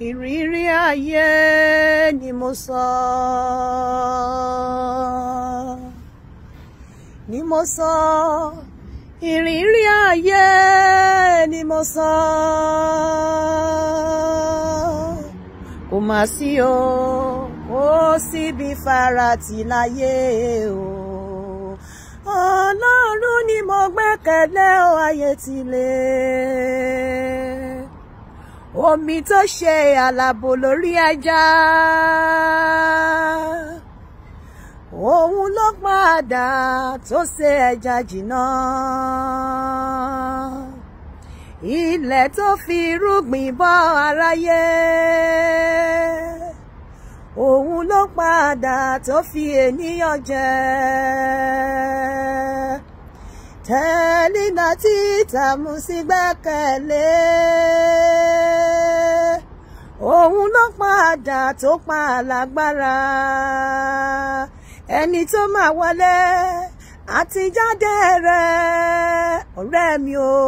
ìrírí ayé ni mo sọ ni mo sọ ìrírí ayé ni mo sọ kò mà sí o kò síbi farati láyé o ọlọ́run ni mo gbẹ́kẹ̀lé o ayé ti le omi tó ṣe àlàbò lórí ajá òun ló padà tó ṣe ẹja jìnnà ilẹ̀ tó fi irúgbìn bọ́ aráyé òun ló padà tó fi ènìyàn jẹ tẹ́línà títà mú sí gbẹ́kẹ̀lé òun ló padà tó pa lágbára ẹni tó máa wọlé àtijáde rẹ̀ ọ̀rẹ́ mi o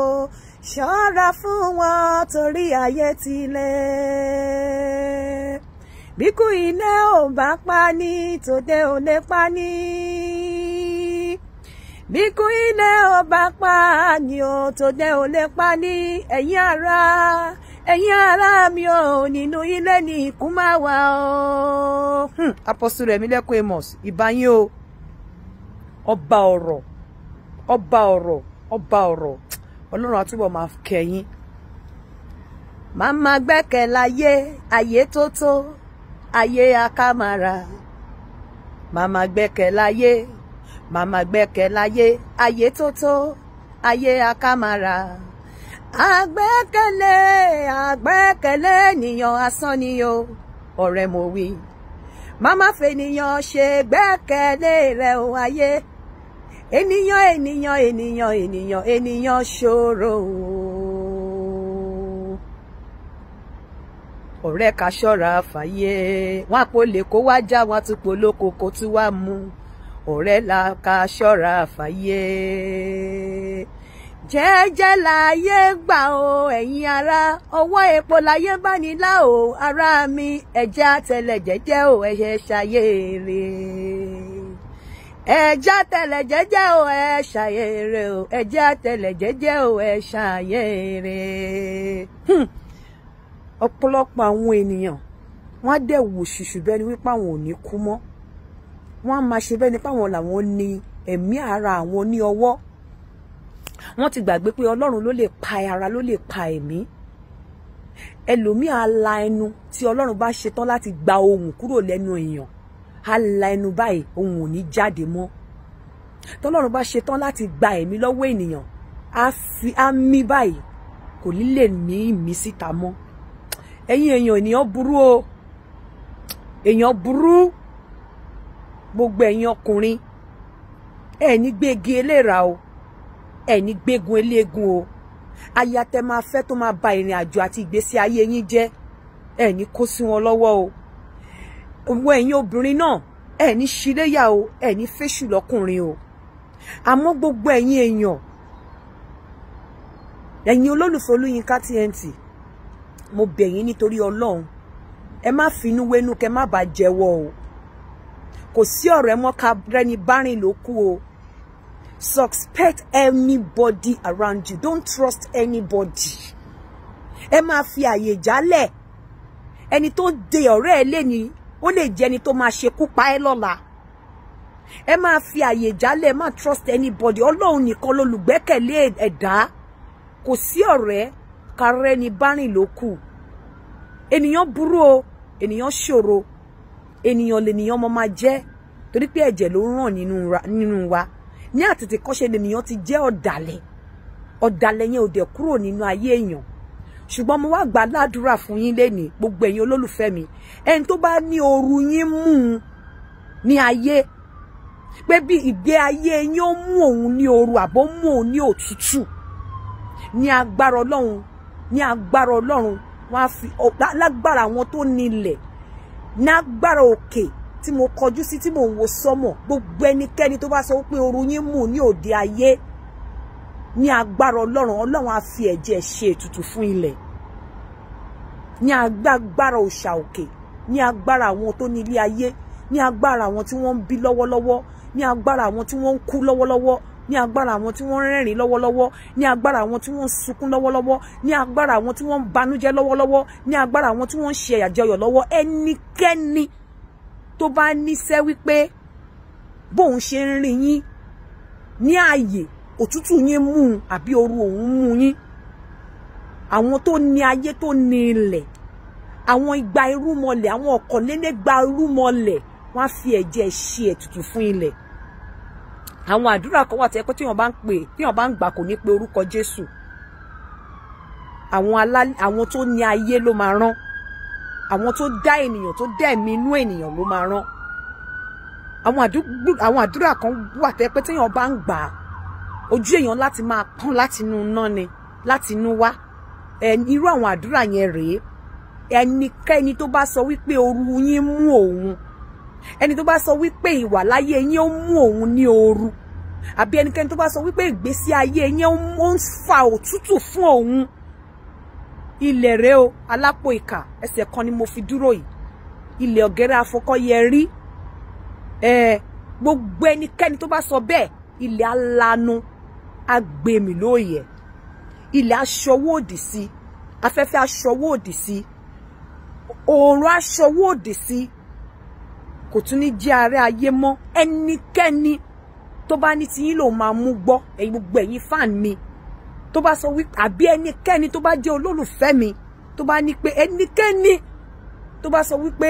ṣọ́ra fún wọn torí ayé ti le bíkú iná ò bá pa ní tòde ò lè pa ní. bíkú ilé ọba pa ni o tòde ò lè pa ní ẹ̀yin ara ẹ̀yin ara mi ò nínú ilé ni ikú máa wà o. Hmm, Apostle Rẹ̀mílẹ́kùn Amos ìbáyín o ọba ọ̀rọ̀ ọba ọ̀rọ̀ ọba ọ̀rọ̀ ọlọ́run àtúbọ̀ máa kẹ́yìn. màmá gbẹ́kẹ̀ láyé ayé tó tó ayé akámara màmá gbẹ́kẹ̀ màmá gbẹ́kẹ̀ láyé ayé tó tó ayé akámara àgbẹ́kẹ̀lé àgbẹ́kẹ̀lé ènìyàn asán ni o ọ̀rẹ́ mo wí màmá fènìyàn ṣe gbẹ́kẹ̀lé rẹ̀ o ayé ènìyàn ènìyàn ènìyàn ènìyàn ènìyàn ṣòro ọ̀rẹ́ ká ṣọ́ra fàyè wọn àpò lè kó wá já wọn àtúpọ̀ lóko kó tún mú ọ̀rẹ́ la ká ṣọ́ra fàyè jẹ́jẹ́ láyé gbà o ẹ̀yin ará ọwọ́ epo láyé bá ní lá o ará mi ẹ̀jẹ̀ àtẹlẹ̀ jẹ́jẹ́ o ẹ̀ṣẹ̀ ṣayé rè ẹ̀jẹ̀ àtẹlẹ̀ jẹ́jẹ́ o ẹ̀ ṣayé o ẹ̀jẹ̀ àtẹlẹ̀ o ẹ̀ ṣayé hmm. ọ̀pọ̀lọpọ̀ àwọn ènìyàn wọ́n á dẹ̀ wò ṣùṣù bẹ́ni wípé àwọn ò ní kú mọ́ wọ́n á máa ṣe bẹ́ẹ̀ ni páwọn làwọn ní ẹ̀mí ara àwọn ní ọwọ́ wọ́n ti gbàgbé pé ọlọ́run ló lè pa ara ló lè pa ẹ̀mí ẹlòmíì á la ẹnu tí ọlọ́run bá ṣetán láti gba ohùn kúrò lẹ́nu èèyàn á la ẹnu báyìí ohùn ò ní jáde mọ́ tọ́lọ́run bá ṣetán láti gba ẹ̀mí lọ́wọ́ ènìyàn á fi á mí báyìí kò ní lè ní ìmí síta mọ́ ẹ̀yin èèyàn ènìyàn burú o èèyàn burú gbogbo ẹ̀yin ọkùnrin ẹ̀ní gbégi eléra o ẹ̀ní gbégun eléegun o aya tẹ máa fẹ́ tó máa ba ìrìn àjò àti ìgbésí ayé yín jẹ́ ẹ̀ní kó sí wọn lọ́wọ́ o òun ẹ̀yin obìnrin náà ẹ̀ní ṣíléyà o ẹ̀ní fẹ́ṣù lọ́kùnrin o àmọ́ gbogbo ẹ̀yin èèyàn ẹ̀yin olólùfẹ́ Olúyinká TNT mo bẹ̀ yín nítorí Ọlọ́run ẹ má finú wénú kẹ má bàa jẹ́wọ́ o kò sí ọ̀rọ̀ ẹ mọ́ ká rẹ́ni bá ló kú o suspect anybody around you don't trust anybody ẹ máa fi àyè jálẹ̀ ẹni tó de ọ̀rẹ́ ẹ lẹ́ni ó lè jẹ́ ẹni tó máa ṣekú pa ẹ́ lọ́la ẹ máa fi àyè jálẹ̀ ẹ má trust anybody ọlọ́run nìkan lolùgbẹ́kẹ̀lé ẹ̀dá kò sí ọ̀rẹ́ ká rẹ́ni bá rìn ló kú ènìyàn burú o ènìyàn ṣòro ènìyàn lènìyàn ọmọ máa jẹ́ torí pé ẹ̀jẹ̀ ló ràn nínú wa ní àtètè kọ́ṣe lènìyàn ti jẹ́ ọ̀dàlẹ̀ ọ̀dàlẹ̀ yẹn ò dẹ̀ kúrò nínú ayé èèyàn ṣùgbọ́n mo wá gbà ládùúrà fún yín lénìí gbogbo ẹ̀yin olólùfẹ́ mi ẹni tó bá ní ooru yín mú un ní ayé pé bí ìgbé ayé yín ó mú òun ní ooru àbó mú òun ní òtútù ní agbára ọlọ́run ní agbára ọlọ́run wọn á fi lágbára àwọn tó nílẹ̀ nágbára òkè tí mo kọjú sí tí mò ń wo sọ́mọ̀ gbogbo ẹnikẹ́ni tó bá sọ pé oru yín mú ní òde ayé ní agbára ọlọ́run ọlọ́run á fi ẹ̀jẹ̀ ṣe ètùtù fún ilẹ̀ ní agbára òòṣà òkè ní agbára àwọn tó ní ilé ayé ní agbára àwọn tí wọ́n ń bí lọ́wọ́lọ́wọ́ ní agbára àwọn tí wọ́n ń kú lọ́wọ́lọ́wọ́ ní agbára àwọn tí wọ́n ń rẹ́rìn lọ́wọ́lọ́wọ́ ní agbára àwọn tí wọ́n ń sunkún lọ́wọ́lọ́wọ́ ní agbára àwọn tí wọ́n ń banújẹ́ lọ́wọ́lọ́wọ́ ní agbára àwọn tí wọ́n ń ṣe àjọyọ̀ lọ́wọ́ ẹnikẹ́ni tó bá níṣẹ́ wípé bóun ṣe ń rìn yín ní ààyè òtútù yín mú un àbí ooru òun mú yín àwọn tó ní ayé tó ní ilẹ̀ àwọn igba irúmọlẹ̀ àwọn ọ̀kọ̀lélégbà irúmọlẹ̀ wọ́n á fi ẹ̀jẹ̀ ṣe ètùtù fún ilẹ̀ àwọn àdúrà kan wà tẹ́ pé téèyàn bá ń pè téèyàn bá ń gbà kò ní pe orúkọ Jésù àwọn alá àwọn tó ní ayé ló máa rán àwọn tó dá ènìyàn tó dá ẹ̀mí inú ènìyàn ló máa rán àwọn àdúrà kan wà tẹ́ pé téèyàn bá ń gbà ojú èèyàn láti máa pọ́n láti inú iná ni láti inú wá irú àwọn àdúrà yẹn rèé ẹnikẹ́ni tó bá sọ wípé oru yín mú òun ẹni tó bá sọ wípé ìwà láyé yín ó mú òun ní ooru àbí ẹnikẹ́ni tó bá sọ wípé ìgbésí ayé yín ó ń fa òtútù fún òun ilẹ̀ rẹ o alápò ìkà ẹsẹ̀ kan ni mo fi dúró yìí ilẹ̀ ọ̀gẹ́rẹ́ afọkọ́yẹ rí ẹ̀ gbogbo ẹnikẹ́ni tó bá sọ bẹ́ẹ̀ ilẹ̀ alanu agbèmí lóòyẹ̀ ilẹ̀ aṣọwó òdì sí afẹ́fẹ́ aṣọwó òdì sí òòrùn aṣọwó òdì sí kò tún ní jẹ́ ààrẹ ayé mọ́ ẹnikẹ́ni tó bá ní tiyín lòun máa mú gbọ́ ẹ̀yin gbogbo ẹ̀yin fan mi tó bá sọ wípé àbí ẹnikẹ́ni tó bá jẹ́ olólùfẹ́ mi tó bá ní pé ẹnikẹ́ni tó bá sọ wípé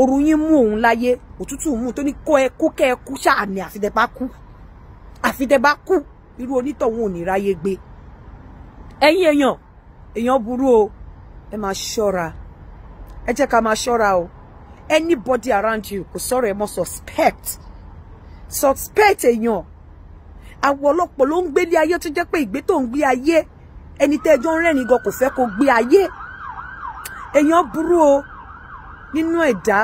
òru yín mú òun láyé òtútù mú tó ní kó ẹ kú kẹ́ ẹ kú ṣáà ní àfitẹ́bá kú àfitẹ́bá kú irú onítọ̀hún ò ní ráyé gbé ẹ̀yin èèyàn èèyàn burú o ẹ máa ṣọ́ra ẹ jẹ́ ká máa ṣọ́ra o anybody around you kò sọ̀rọ̀ ẹ mọ́ suspect suspect èèyàn àwọn ọlọ́pọ̀ ló ń gbélé ayé tó jẹ́ pé ìgbé tó ń gbé ayé ẹni tẹ́ ẹjọ́ ń rẹ́rìn gan kò fẹ́ kó gbé ayé èèyàn burú o nínú ẹ̀dá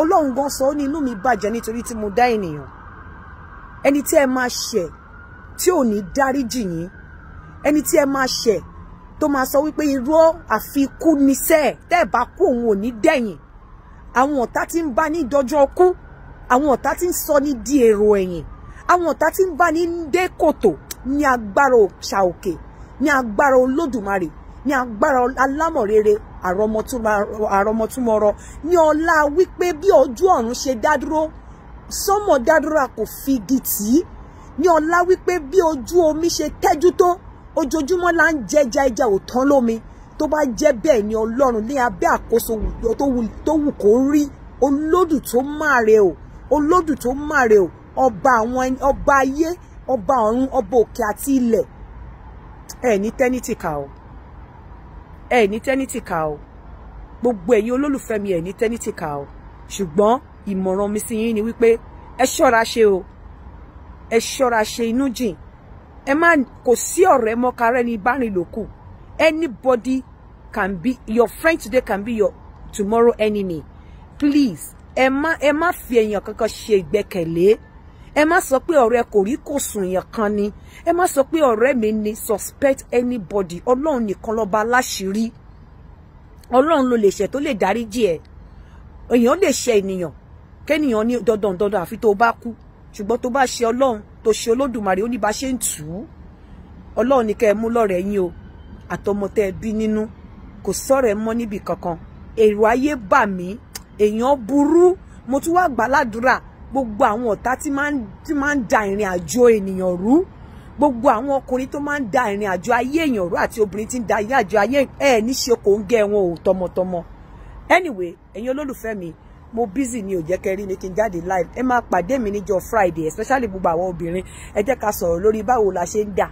ọlọ́run gan sọ ọ́ ní inú mi bàjẹ́ nítorí tí mo dá ènìyàn ẹni tí ẹ máa ṣẹ̀ tí ò ní dáríjì yín ẹni tí ẹ máa ṣẹ̀ tó máa sọ wípé irọ́ àfikún níṣẹ́ tẹ́ ẹ bá kú òun ò ní dẹ̀yìn àwọn ọ̀tá tí ń bá ní dọjọ́ ọkú àwọn ọ̀tá tí ń sọ ní di èrò ẹ̀yìn àwọn ọ̀tá tí ń bá ní dé kòtò ní agbára òòṣà òkè ní agbára olódùmarè ní agbára alámọ̀rere àrọmọtúmọrọ ní ọlá wípé bí ojú ọ̀run ṣe dádúró sọ́mọ̀ dádúró kò fi di tì í ní ọlá wípé bí ojú omi ṣe tẹ́jú tó ojoojúmọ́ la ń jẹja ẹja ò tán lómi tó bá jẹ́ bẹ́ẹ̀ ni ọlọ́run ní abẹ́ àkóso tó wù kó rí olódù tó máre o olódù tó máre o ọba àwọn ọba ayé ọba ọ̀run ọba òkè àti ilẹ̀ ẹ ní tẹ́nítì ká o ẹ ní tẹ́nítì ká o gbogbo ẹ̀yin olólùfẹ́ mi ẹ ní tẹ́nítì ká o ṣùgbọ́n ìmọ̀ràn mi sí yín ni wípé ẹ ṣọ́ra ṣe o ẹ ṣọ́ra ṣe inú jìn ẹ má kò sí ọ̀rẹ́ mọ́kárẹ́ni bá rìn lókù anybody can be your friend today can be your tomorrow enemy please Emma. Emma, ẹ má fi èèyàn kankan ṣe ìgbẹ́kẹ̀lé ẹ má sọ pé ọ̀rẹ́ kò rí kò sùn kan ni ẹ má sọ pé mi ni suspect anybody ọlọ́run ni lọ́ba aláṣírí ọlọ́run ló lè ṣẹ̀ le lè dáríjì ẹ̀ èèyàn lè ṣẹ̀ ènìyàn kẹ́nìyàn ní dandan dandan àfi tó bá kú ṣùgbọ́n tó bá ṣe ọlọ́run tó ṣe olódùmarè ó ní bá ṣe ń tù ú ni kẹ́ ẹ mú lọ́rẹ̀ẹ́ o àtọmọ tẹ́ ẹ bí nínú kò sọ̀rọ̀ ẹ mọ́ níbi kankan èrò ayé bà mí èèyàn burú mo tún wá gbàládùra gbogbo àwọn ọ̀tá tí máa ń da ìrìn àjò ènìyàn rú gbogbo àwọn ọkùnrin tó máa ń da ìrìn àjò ayé èèyàn rú àti obìnrin tí ń da ìrìn àjò ayé ẹ ní kò ń gẹ wọn ò tọmọtọmọ anyway ẹ̀yin olólùfẹ́ mi mo busy ni ò jẹ́ kẹ́ rí mi kí n jáde live ẹ máa pàdé mi níjọ́ Friday especially gbogbo àwọn obìnrin ẹ jẹ́ ká sọ̀rọ̀ lórí báwo la ṣe ń dà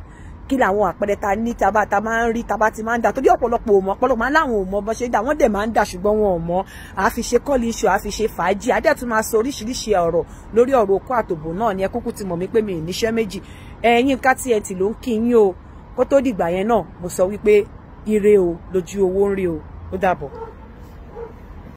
kí làwọn àpẹẹrẹ ta ní taba ta máa ń rí taba ti máa ń da torí ọ̀pọ̀lọpọ̀ òmò ọ̀pọ̀lọpọ̀ máa ń láwọn òmò bó ṣe ń wọ́n dẹ̀ máa ń da ṣùgbọ́n wọn ò mọ̀ àfi iṣu àfi fàájì adẹ́ máa sọ oríṣiríṣi ọ̀rọ̀ lórí ọ̀rọ̀ okó àtòbò náà ni ẹ kúkú ti mọ̀ mí pé mi ì níṣẹ́ méjì ẹ̀yin ká TNT ló ń kí yín o kó tó dìgbà yẹn náà mo sọ wípé ire o lójú owó ń rí o ó dàbọ̀.